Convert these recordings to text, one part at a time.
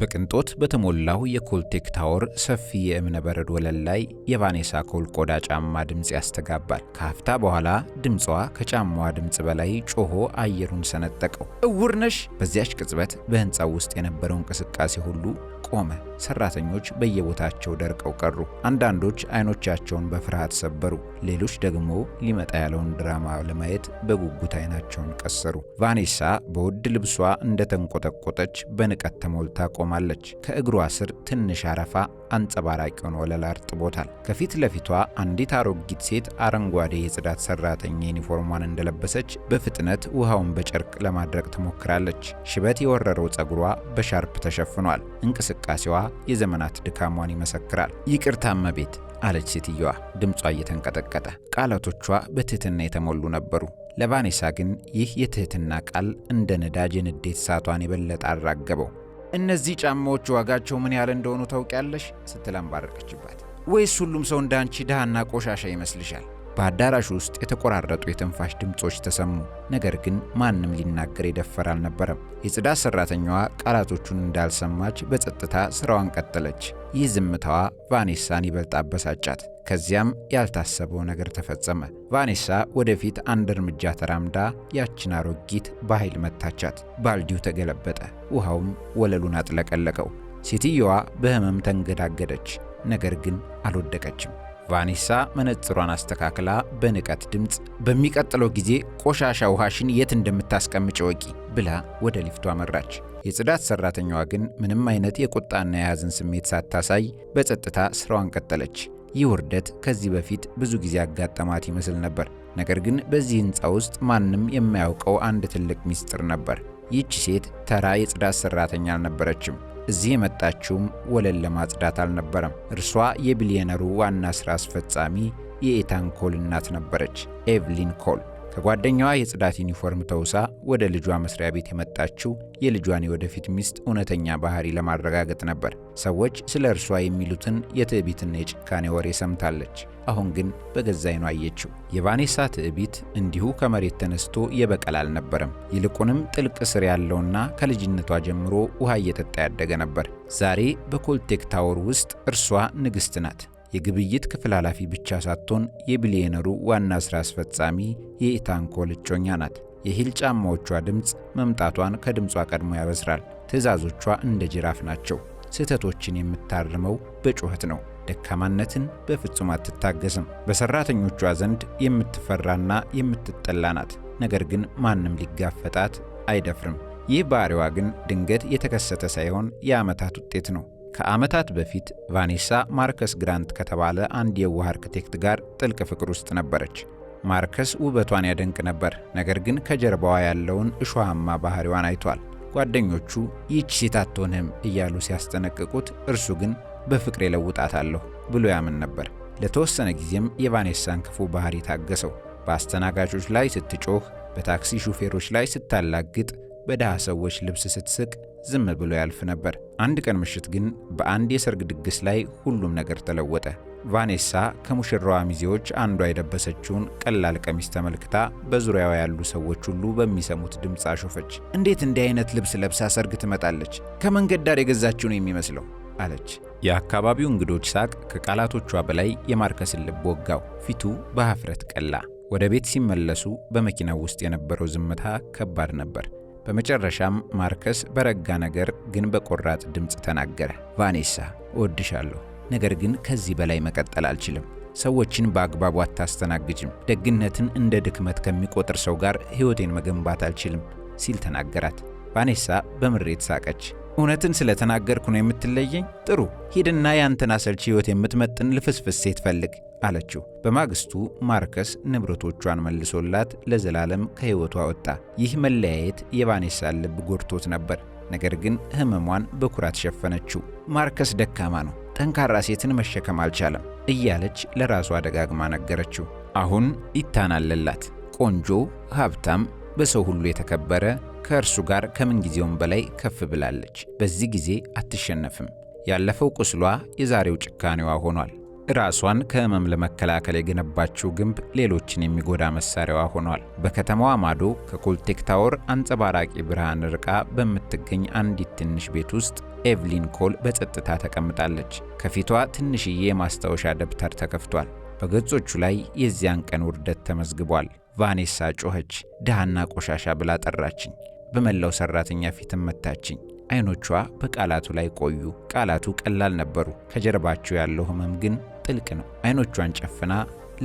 በቅንጦት በተሞላው የኮልቴክ ታወር ሰፊ የእብነ በረድ ወለል ላይ የቫኔሳ ኮል ቆዳ ጫማ ድምፅ ያስተጋባል። ከሀፍታ በኋላ ድምጿ ከጫማዋ ድምፅ በላይ ጮሆ አየሩን ሰነጠቀው። እውር ነሽ! በዚያች ቅጽበት በህንፃው ውስጥ የነበረው እንቅስቃሴ ሁሉ ቆመ። ሰራተኞች በየቦታቸው ደርቀው ቀሩ። አንዳንዶች አይኖቻቸውን በፍርሃት ሰበሩ፣ ሌሎች ደግሞ ሊመጣ ያለውን ድራማ ለማየት በጉጉት አይናቸውን ቀሰሩ። ቫኔሳ በውድ ልብሷ እንደተንቆጠቆጠች በንቀት ተሞልታ ቆማለች። ከእግሯ ስር ትንሽ አረፋ አንጸባራቂ ሆኖ ወለል አርጥቦታል። ከፊት ለፊቷ አንዲት አሮጊት ሴት አረንጓዴ የጽዳት ሰራተኛ ዩኒፎርሟን እንደለበሰች በፍጥነት ውሃውን በጨርቅ ለማድረቅ ትሞክራለች። ሽበት የወረረው ጸጉሯ በሻርፕ ተሸፍኗል። እንቅስቃሴዋ የዘመናት ድካሟን ይመሰክራል። ይቅርታ እመቤት አለች ሴትየዋ፣ ድምጿ እየተንቀጠቀጠ። ቃላቶቿ በትህትና የተሞሉ ነበሩ። ለቫኔሳ ግን ይህ የትህትና ቃል እንደ ነዳጅ የንዴት እሳቷን የበለጠ አራገበው። እነዚህ ጫማዎች ዋጋቸው ምን ያህል እንደሆኑ ታውቂያለሽ? ስትል አንባረቀችባት። ወይስ ሁሉም ሰው እንዳንቺ ድሃና ቆሻሻ ይመስልሻል? በአዳራሹ ውስጥ የተቆራረጡ የትንፋሽ ድምፆች ተሰሙ። ነገር ግን ማንም ሊናገር የደፈር አልነበረም። የጽዳት ሠራተኛዋ ቃላቶቹን እንዳልሰማች በጸጥታ ሥራዋን ቀጠለች። ይህ ዝምታዋ ቫኔሳን ይበልጥ አበሳጫት። ከዚያም ያልታሰበው ነገር ተፈጸመ። ቫኔሳ ወደፊት አንድ እርምጃ ተራምዳ ያችን አሮጊት በኃይል መታቻት። ባልዲው ተገለበጠ። ውሃውም ወለሉን አጥለቀለቀው። ሴትየዋ በህመም ተንገዳገደች፣ ነገር ግን አልወደቀችም። ቫኔሳ መነጽሯን አስተካክላ በንቀት ድምፅ በሚቀጥለው ጊዜ ቆሻሻ ውሃሽን የት እንደምታስቀምጭ ወቂ ብላ ወደ ሊፍቱ አመራች። የጽዳት ሠራተኛዋ ግን ምንም አይነት የቁጣና የሐዘን ስሜት ሳታሳይ በጸጥታ ሥራዋን ቀጠለች። ይህ ውርደት ከዚህ በፊት ብዙ ጊዜ አጋጠማት ይመስል ነበር። ነገር ግን በዚህ ሕንፃ ውስጥ ማንም የማያውቀው አንድ ትልቅ ምስጢር ነበር። ይህች ሴት ተራ የጽዳት ሰራተኛ አልነበረችም። እዚህ የመጣችውም ወለል ለማጽዳት አልነበረም። እርሷ የቢሊዮነሩ ዋና ሥራ አስፈጻሚ የኤታን ኮል እናት ነበረች፣ ኤቭሊን ኮል። ከጓደኛዋ የጽዳት ዩኒፎርም ተውሳ ወደ ልጇ መስሪያ ቤት የመጣችው የልጇን የወደፊት ሚስት እውነተኛ ባህሪ ለማረጋገጥ ነበር። ሰዎች ስለ እርሷ የሚሉትን የትዕቢትና የጭካኔ ወሬ ሰምታለች። አሁን ግን በገዛ ዓይኗ አየችው። የቫኔሳ ትዕቢት እንዲሁ ከመሬት ተነስቶ የበቀል አልነበረም። ይልቁንም ጥልቅ ስር ያለውና ከልጅነቷ ጀምሮ ውሃ እየጠጣ ያደገ ነበር። ዛሬ በኮልቴክ ታወር ውስጥ እርሷ ንግሥት ናት። የግብይት ክፍል ኃላፊ ብቻ ሳትሆን የቢሊዮነሩ ዋና ሥራ አስፈጻሚ የኢታንኮ ልጮኛ እጮኛ ናት። የሂል ጫማዎቿ ድምፅ መምጣቷን ከድምጿ ቀድሞ ያበስራል። ትዕዛዞቿ እንደ ጅራፍ ናቸው። ስህተቶችን የምታርመው በጩኸት ነው። ደካማነትን በፍጹም አትታገስም። በሠራተኞቿ ዘንድ የምትፈራና የምትጠላ ናት። ነገር ግን ማንም ሊጋፈጣት አይደፍርም። ይህ ባህሪዋ ግን ድንገት የተከሰተ ሳይሆን የዓመታት ውጤት ነው። ከዓመታት በፊት ቫኔሳ ማርከስ ግራንት ከተባለ አንድ የዋህ አርክቴክት ጋር ጥልቅ ፍቅር ውስጥ ነበረች። ማርከስ ውበቷን ያደንቅ ነበር፣ ነገር ግን ከጀርባዋ ያለውን እሾሃማ ባህሪዋን አይቷል። ጓደኞቹ ይህች ሴት አትሆንህም እያሉ ሲያስጠነቅቁት፣ እርሱ ግን በፍቅር የለውጣታለሁ ብሎ ያምን ነበር። ለተወሰነ ጊዜም የቫኔሳን ክፉ ባህሪ ታገሰው። በአስተናጋጆች ላይ ስትጮህ፣ በታክሲ ሹፌሮች ላይ ስታላግጥ በድሃ ሰዎች ልብስ ስትስቅ ዝም ብሎ ያልፍ ነበር። አንድ ቀን ምሽት ግን በአንድ የሰርግ ድግስ ላይ ሁሉም ነገር ተለወጠ። ቫኔሳ ከሙሽራዋ ሚዜዎች አንዷ የለበሰችውን ቀላል ቀሚስ ተመልክታ በዙሪያዋ ያሉ ሰዎች ሁሉ በሚሰሙት ድምፅ አሾፈች። እንዴት እንዲህ አይነት ልብስ ለብሳ ሰርግ ትመጣለች? ከመንገድ ዳር የገዛችው ነው የሚመስለው አለች። የአካባቢው እንግዶች ሳቅ ከቃላቶቿ በላይ የማርከስን ልብ ወጋው። ፊቱ በሀፍረት ቀላ። ወደ ቤት ሲመለሱ በመኪናው ውስጥ የነበረው ዝምታ ከባድ ነበር። በመጨረሻም ማርከስ በረጋ ነገር ግን በቆራጥ ድምፅ ተናገረ። ቫኔሳ እወድሻለሁ፣ ነገር ግን ከዚህ በላይ መቀጠል አልችልም። ሰዎችን በአግባቡ አታስተናግጅም። ደግነትን እንደ ድክመት ከሚቆጥር ሰው ጋር ሕይወቴን መገንባት አልችልም ሲል ተናገራት። ቫኔሳ በምሬት ሳቀች። እውነትን ስለተናገርኩ ነው የምትለየኝ? ጥሩ ሂድና ያንተን አሰልቺ ሕይወት የምትመጥን ልፍስፍስ ሴት ፈልግ አለችው። በማግስቱ ማርከስ ንብረቶቿን መልሶላት ለዘላለም ከሕይወቷ ወጣ። ይህ መለያየት የቫኔሳን ልብ ጎድቶት ነበር። ነገር ግን ሕመሟን በኩራት ሸፈነችው። ማርከስ ደካማ ነው፣ ጠንካራ ሴትን መሸከም አልቻለም እያለች ለራሷ ደጋግማ ነገረችው። አሁን ይታናለላት። ቆንጆ፣ ሀብታም፣ በሰው ሁሉ የተከበረ ከእርሱ ጋር ከምንጊዜውም በላይ ከፍ ብላለች። በዚህ ጊዜ አትሸነፍም። ያለፈው ቁስሏ የዛሬው ጭካኔዋ ሆኗል። ራሷን ከህመም ለመከላከል የገነባችው ግንብ ሌሎችን የሚጎዳ መሳሪያዋ ሆኗል። በከተማዋ ማዶ ከኮልቴክ ታወር አንጸባራቂ ብርሃን ርቃ በምትገኝ አንዲት ትንሽ ቤት ውስጥ ኤቭሊን ኮል በጸጥታ ተቀምጣለች። ከፊቷ ትንሽዬ የማስታወሻ ደብተር ተከፍቷል። በገጾቹ ላይ የዚያን ቀን ውርደት ተመዝግቧል። ቫኔሳ ጮኸች፣ ድሃና ቆሻሻ ብላ ጠራችኝ። በመላው ሰራተኛ ፊትም መታችኝ። አይኖቿ በቃላቱ ላይ ቆዩ። ቃላቱ ቀላል ነበሩ፣ ከጀርባቸው ያለው ህመም ግን ጥልቅ ነው። አይኖቿን ጨፍና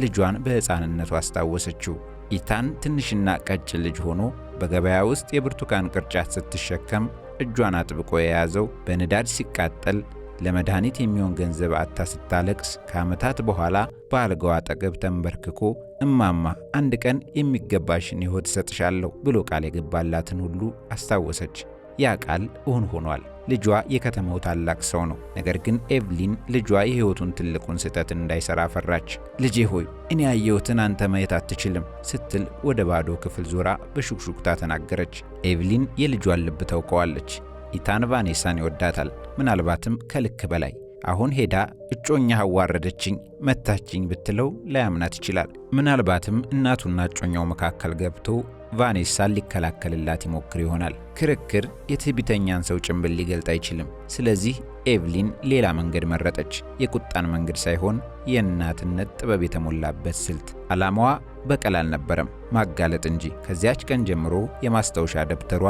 ልጇን በሕፃንነቱ አስታወሰችው። ኢታን ትንሽና ቀጭን ልጅ ሆኖ በገበያ ውስጥ የብርቱካን ቅርጫት ስትሸከም እጇን አጥብቆ የያዘው በንዳድ ሲቃጠል ለመድኃኒት የሚሆን ገንዘብ አታ ስታለቅስ ከዓመታት በኋላ በአልጋዋ አጠገብ ተንበርክኮ እማማ አንድ ቀን የሚገባሽን ሕይወት እሰጥሻለሁ ብሎ ቃል የገባላትን ሁሉ አስታወሰች። ያ ቃል እውን ሆኗል። ልጇ የከተማው ታላቅ ሰው ነው። ነገር ግን ኤቭሊን ልጇ የሕይወቱን ትልቁን ስህተት እንዳይሠራ ፈራች። ልጄ ሆይ እኔ ያየሁትን አንተ ማየት አትችልም ስትል ወደ ባዶ ክፍል ዞራ በሹክሹክታ ተናገረች። ኤቭሊን የልጇን ልብ ታውቀዋለች። ቫኔሳን ይወዳታል፣ ምናልባትም ከልክ በላይ። አሁን ሄዳ እጮኛ አዋረደችኝ፣ መታችኝ ብትለው ላያምናት ይችላል። ምናልባትም እናቱና እጮኛው መካከል ገብቶ ቫኔሳን ሊከላከልላት ይሞክር ይሆናል። ክርክር የትዕቢተኛን ሰው ጭንብል ሊገልጥ አይችልም። ስለዚህ ኤቭሊን ሌላ መንገድ መረጠች። የቁጣን መንገድ ሳይሆን የእናትነት ጥበብ የተሞላበት ስልት። ዓላማዋ በቀል አልነበረም፣ ማጋለጥ እንጂ። ከዚያች ቀን ጀምሮ የማስታወሻ ደብተሯ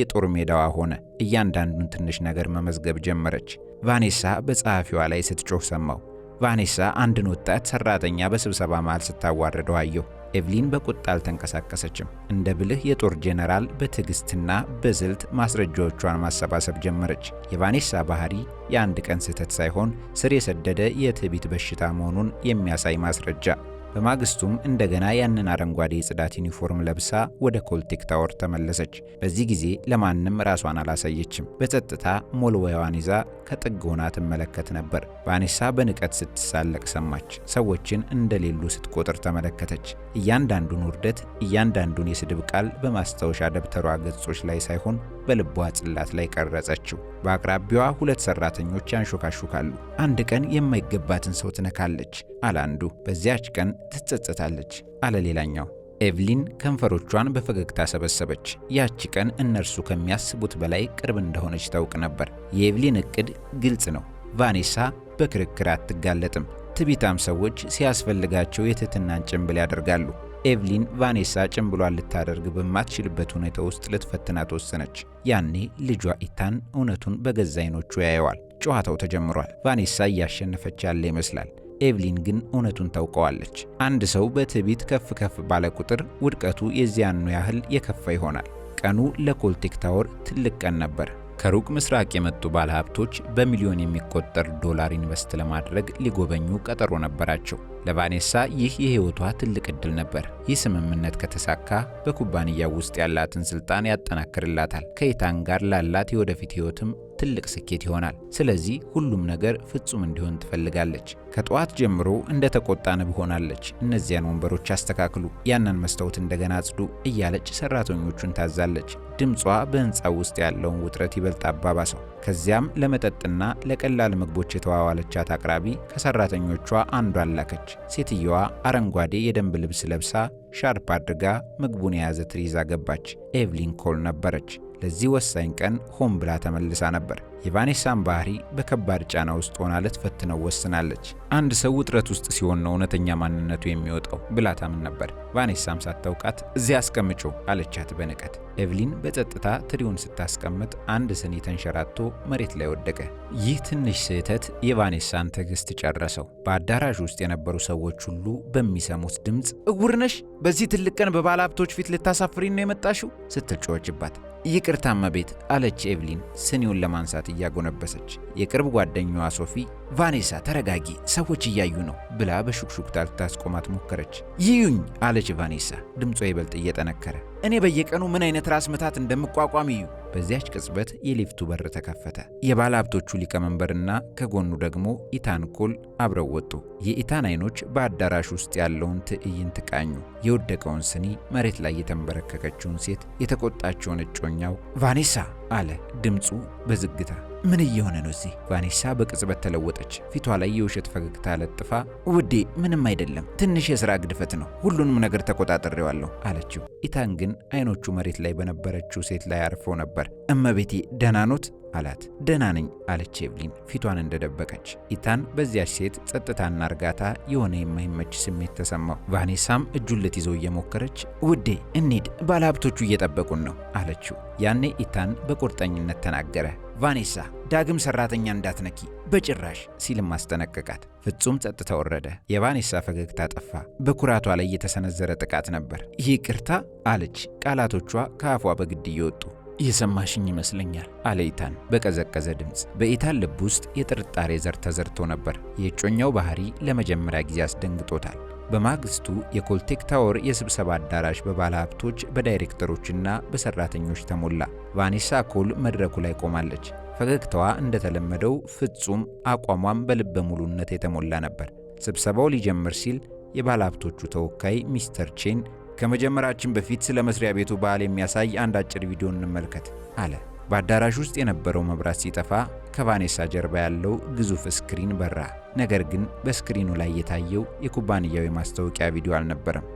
የጦር ሜዳዋ ሆነ። እያንዳንዱን ትንሽ ነገር መመዝገብ ጀመረች። ቫኔሳ በጸሐፊዋ ላይ ስትጮህ ሰማው። ቫኔሳ አንድን ወጣት ሰራተኛ በስብሰባ መሃል ስታዋርደው አየው። ኤቭሊን በቁጣ አልተንቀሳቀሰችም። እንደ ብልህ የጦር ጄኔራል በትዕግስትና በስልት ማስረጃዎቿን ማሰባሰብ ጀመረች። የቫኔሳ ባህሪ የአንድ ቀን ስህተት ሳይሆን ስር የሰደደ የትዕቢት በሽታ መሆኑን የሚያሳይ ማስረጃ በማግስቱም እንደገና ያንን አረንጓዴ የጽዳት ዩኒፎርም ለብሳ ወደ ኮልቲክ ታወር ተመለሰች። በዚህ ጊዜ ለማንም ራሷን አላሳየችም። በጸጥታ ሞልወያዋን ይዛ ከጥግ ሆና ትመለከት ነበር። ቫኔሳ በንቀት ስትሳለቅ ሰማች። ሰዎችን እንደሌሉ ስትቆጥር ተመለከተች። እያንዳንዱን ውርደት፣ እያንዳንዱን የስድብ ቃል በማስታወሻ ደብተሯ ገጾች ላይ ሳይሆን በልቧ ጽላት ላይ ቀረጸችው። በአቅራቢያዋ ሁለት ሰራተኞች ያንሾካሹካሉ። አንድ ቀን የማይገባትን ሰው ትነካለች አለ አንዱ። በዚያች ቀን ትጸጸታለች አለ ሌላኛው። ኤቭሊን ከንፈሮቿን በፈገግታ ሰበሰበች። ያቺ ቀን እነርሱ ከሚያስቡት በላይ ቅርብ እንደሆነች ታውቅ ነበር። የኤቭሊን እቅድ ግልጽ ነው። ቫኔሳ በክርክር አትጋለጥም። ትቢታም ሰዎች ሲያስፈልጋቸው የትህትናን ጭንብል ያደርጋሉ። ኤቭሊን ቫኔሳ ጭንብሏን ልታደርግ በማትችልበት ሁኔታ ውስጥ ልትፈትና ተወሰነች። ያኔ ልጇ ኢታን እውነቱን በገዛ አይኖቹ ያየዋል። ጨዋታው ተጀምሯል። ቫኔሳ እያሸነፈች ያለ ይመስላል። ኤቭሊን ግን እውነቱን ታውቀዋለች። አንድ ሰው በትዕቢት ከፍ ከፍ ባለ ቁጥር ውድቀቱ የዚያኑ ያህል የከፋ ይሆናል። ቀኑ ለኮልቴክ ታወር ትልቅ ቀን ነበር። ከሩቅ ምስራቅ የመጡ ባለሀብቶች በሚሊዮን የሚቆጠር ዶላር ኢንቨስት ለማድረግ ሊጎበኙ ቀጠሮ ነበራቸው። ለቫኔሳ ይህ የሕይወቷ ትልቅ ዕድል ነበር። ይህ ስምምነት ከተሳካ በኩባንያው ውስጥ ያላትን ስልጣን ያጠናክርላታል። ከኢታን ጋር ላላት የወደፊት ሕይወትም ትልቅ ስኬት ይሆናል። ስለዚህ ሁሉም ነገር ፍጹም እንዲሆን ትፈልጋለች። ከጠዋት ጀምሮ ተቆጣ ንብ ሆናለች። እነዚያን ወንበሮች አስተካክሉ፣ ያንን መስታወት እንደገና አጽዱ እያለች ሰራተኞቹን ታዛለች። ድምጿ በሕንፃው ውስጥ ያለውን ውጥረት ይበልጥ አባባሰው። ከዚያም ለመጠጥና ለቀላል ምግቦች የተዋዋለቻት አቅራቢ ከሰራተኞቿ አንዷን ላከች። ሴትየዋ አረንጓዴ የደንብ ልብስ ለብሳ ሻርፕ አድርጋ ምግቡን የያዘ ትሪዛ ገባች። ኤቭሊን ኮል ነበረች። ለዚህ ወሳኝ ቀን ሆን ብላ ተመልሳ ነበር። የቫኔሳን ባህሪ በከባድ ጫና ውስጥ ሆና ልትፈትነው ወስናለች። አንድ ሰው ውጥረት ውስጥ ሲሆን ነው እውነተኛ ማንነቱ የሚወጣው ብላ ታምን ነበር። ቫኔሳም ሳታውቃት እዚያ አስቀምጮ አለቻት በንቀት። ኤቭሊን በጸጥታ ትሪውን ስታስቀምጥ አንድ ስኒ ተንሸራቶ መሬት ላይ ወደቀ። ይህ ትንሽ ስህተት የቫኔሳን ትዕግስት ጨረሰው። በአዳራሽ ውስጥ የነበሩ ሰዎች ሁሉ በሚሰሙት ድምፅ እውር ነሽ፣ በዚህ ትልቅ ቀን በባለ ሀብቶች ፊት ልታሳፍሪን ነው የመጣሽው ስትል ጮኸችባት። ይቅርታ ቤት አለች ኤቭሊን ስኒውን ለማንሳት እያጎነበሰች። የቅርብ ጓደኛዋ ሶፊ ቫኔሳ ተረጋጊ፣ ሰዎች እያዩ ነው ብላ በሹክሹክታ ልታስቆማት ሞከረች። ይዩኝ አለች ቫኔሳ ድምጿ ይበልጥ እየጠነከረ። እኔ በየቀኑ ምን አይነት ራስ ምታት እንደምቋቋም እዩ በዚያች ቅጽበት የሊፍቱ በር ተከፈተ። የባለ ሀብቶቹ ሊቀመንበርና ከጎኑ ደግሞ ኢታን ኮል አብረው ወጡ። የኢታን አይኖች በአዳራሽ ውስጥ ያለውን ትዕይንት ቃኙ። የወደቀውን ስኒ፣ መሬት ላይ የተንበረከከችውን ሴት፣ የተቆጣቸውን እጮኛው ቫኔሳ አለ ድምፁ በዝግታ ምን እየሆነ ነው እዚህ? ቫኔሳ በቅጽበት ተለወጠች። ፊቷ ላይ የውሸት ፈገግታ ለጥፋ፣ ውዴ ምንም አይደለም፣ ትንሽ የሥራ ግድፈት ነው፣ ሁሉንም ነገር ተቆጣጠሬዋለሁ አለችው። ኢታን ግን አይኖቹ መሬት ላይ በነበረችው ሴት ላይ አርፈው ነበር። እመቤቴ ደህና ኖት? አላት። ደህና ነኝ አለች ኤቭሊን ፊቷን እንደደበቀች። ኢታን በዚያች ሴት ጸጥታና እርጋታ የሆነ የማይመች ስሜት ተሰማው። ቫኔሳም እጁን ልትይዘው እየሞከረች ውዴ እንሂድ፣ ባለሀብቶቹ እየጠበቁን ነው አለችው። ያኔ ኢታን በቁርጠኝነት ተናገረ። ቫኔሳ ዳግም ሰራተኛ እንዳትነኪ በጭራሽ ሲልም አስጠነቀቃት። ፍጹም ጸጥታ ወረደ። የቫኔሳ ፈገግታ ጠፋ። በኩራቷ ላይ የተሰነዘረ ጥቃት ነበር። ይህ ቅርታ አለች። ቃላቶቿ ከአፏ በግድ እየወጡ እየሰማሽኝ ይመስለኛል አለ ኢታን በቀዘቀዘ ድምፅ። በኢታን ልብ ውስጥ የጥርጣሬ ዘር ተዘርቶ ነበር። የእጮኛው ባህሪ ለመጀመሪያ ጊዜ አስደንግጦታል። በማግስቱ የኮልቴክ ታወር የስብሰባ አዳራሽ በባለ ሀብቶች በዳይሬክተሮችና በሰራተኞች ተሞላ። ቫኔሳ ኮል መድረኩ ላይ ቆማለች። ፈገግታዋ እንደተለመደው ፍጹም፣ አቋሟም በልበ ሙሉነት የተሞላ ነበር። ስብሰባው ሊጀምር ሲል የባለ ሀብቶቹ ተወካይ ሚስተር ቼን ከመጀመራችን በፊት ስለ መስሪያ ቤቱ ባህል የሚያሳይ አንድ አጭር ቪዲዮ እንመልከት አለ። በአዳራሽ ውስጥ የነበረው መብራት ሲጠፋ ከቫኔሳ ጀርባ ያለው ግዙፍ ስክሪን በራ። ነገር ግን በስክሪኑ ላይ የታየው የኩባንያው የማስታወቂያ ቪዲዮ አልነበረም።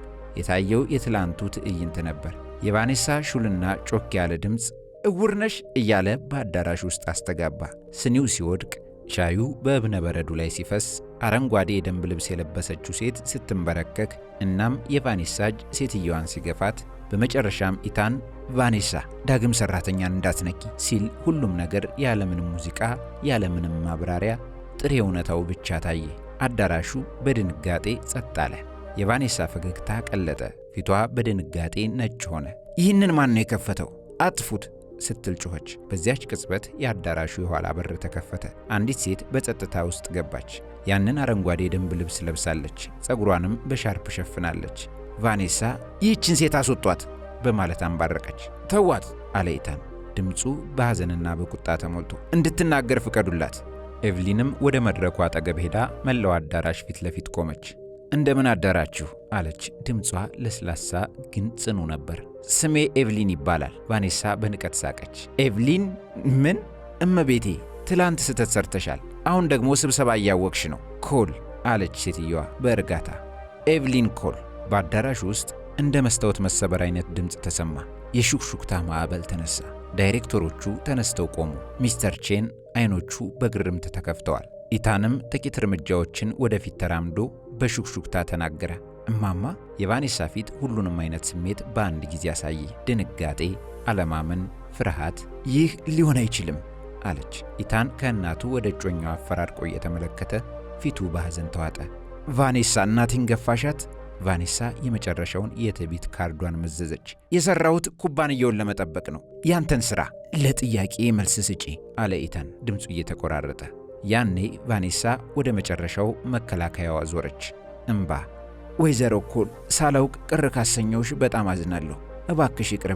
የታየው የትላንቱ ትዕይንት ነበር። የቫኔሳ ሹልና ጮክ ያለ ድምፅ እውርነሽ ነሽ እያለ በአዳራሽ ውስጥ አስተጋባ። ስኒው ሲወድቅ ሻዩ በእብነ በረዱ ላይ ሲፈስ አረንጓዴ የደንብ ልብስ የለበሰችው ሴት ስትንበረከክ፣ እናም የቫኔሳ እጅ ሴትየዋን ሲገፋት፣ በመጨረሻም ኢታን ቫኔሳ ዳግም ሠራተኛን እንዳትነኪ ሲል ሁሉም ነገር ያለምንም ሙዚቃ ያለምንም ማብራሪያ ጥሬ እውነታው ብቻ ታየ። አዳራሹ በድንጋጤ ጸጥ አለ። የቫኔሳ ፈገግታ ቀለጠ፣ ፊቷ በድንጋጤ ነጭ ሆነ። ይህንን ማን ነው የከፈተው? አጥፉት! ስትል ጮኸች። በዚያች ቅጽበት የአዳራሹ የኋላ በር ተከፈተ። አንዲት ሴት በጸጥታ ውስጥ ገባች። ያንን አረንጓዴ የደንብ ልብስ ለብሳለች፣ ጸጉሯንም በሻርፕ ሸፍናለች። ቫኔሳ ይህችን ሴት አስወጧት በማለት አንባረቀች። ተዋት አለ ኢታን፣ ድምፁ በሐዘንና በቁጣ ተሞልቶ። እንድትናገር ፍቀዱላት። ኤቭሊንም ወደ መድረኩ አጠገብ ሄዳ መላው አዳራሽ ፊት ለፊት ቆመች። እንደምን አዳራችሁ አለች። ድምጿ ለስላሳ ግን ጽኑ ነበር። ስሜ ኤቭሊን ይባላል። ቫኔሳ በንቀት ሳቀች። ኤቭሊን ምን? እመቤቴ ትላንት ስህተት ሰርተሻል። አሁን ደግሞ ስብሰባ እያወቅሽ ነው። ኮል አለች ሴትየዋ በእርጋታ። ኤቭሊን ኮል። በአዳራሹ ውስጥ እንደ መስታወት መሰበር አይነት ድምፅ ተሰማ። የሹክሹክታ ማዕበል ተነሳ። ዳይሬክተሮቹ ተነስተው ቆሙ። ሚስተር ቼን አይኖቹ በግርምት ተከፍተዋል። ኢታንም ጥቂት እርምጃዎችን ወደፊት ተራምዶ በሹክሹክታ ተናገረ። እማማ የቫኔሳ ፊት ሁሉንም አይነት ስሜት በአንድ ጊዜ አሳየ። ድንጋጤ፣ አለማመን፣ ፍርሃት። ይህ ሊሆን አይችልም አለች። ኢታን ከእናቱ ወደ እጮኛው አፈራርቆ እየተመለከተ ፊቱ በሐዘን ተዋጠ። ቫኔሳ እናቴን ገፋሻት። ቫኔሳ የመጨረሻውን የትዕቢት ካርዷን መዘዘች። የሠራሁት ኩባንያውን ለመጠበቅ ነው። ያንተን ሥራ ለጥያቄ መልስ ስጪ አለ ኢታን ድምፁ እየተቆራረጠ። ያኔ ቫኔሳ ወደ መጨረሻው መከላከያዋ ዞረች። እምባ ወይዘሮ እኮል ሳላውቅ ቅር ካሰኘውሽ በጣም አዝናለሁ። እባክሽ ይቅር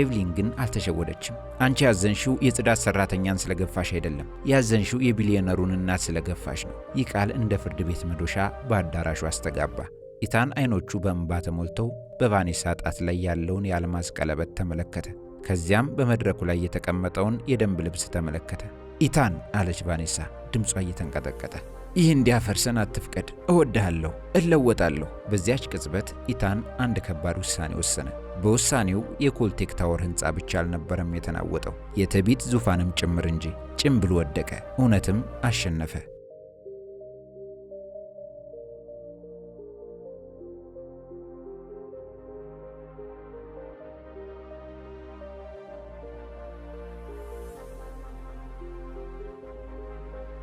ኤቭሊን ግን አልተሸወደችም። አንቺ ያዘንሽው የጽዳት ሰራተኛን ስለገፋሽ አይደለም። ያዘንሽው የቢሊዮነሩን እናት ስለገፋሽ ነው። ይህ ቃል እንደ ፍርድ ቤት መዶሻ በአዳራሹ አስተጋባ። ኢታን አይኖቹ በእንባ ተሞልተው በቫኔሳ ጣት ላይ ያለውን የአልማዝ ቀለበት ተመለከተ። ከዚያም በመድረኩ ላይ የተቀመጠውን የደንብ ልብስ ተመለከተ። ኢታን አለች ቫኔሳ ድምጿ እየተንቀጠቀጠ ይህ እንዲያፈርሰን አትፍቀድ፣ እወድሃለሁ፣ እለወጣለሁ። በዚያች ቅጽበት ኢታን አንድ ከባድ ውሳኔ ወሰነ። በውሳኔው የኮልቴክ ታወር ህንፃ ብቻ አልነበረም የተናወጠው፣ የተቢት ዙፋንም ጭምር እንጂ። ጭምብል ወደቀ፣ እውነትም አሸነፈ።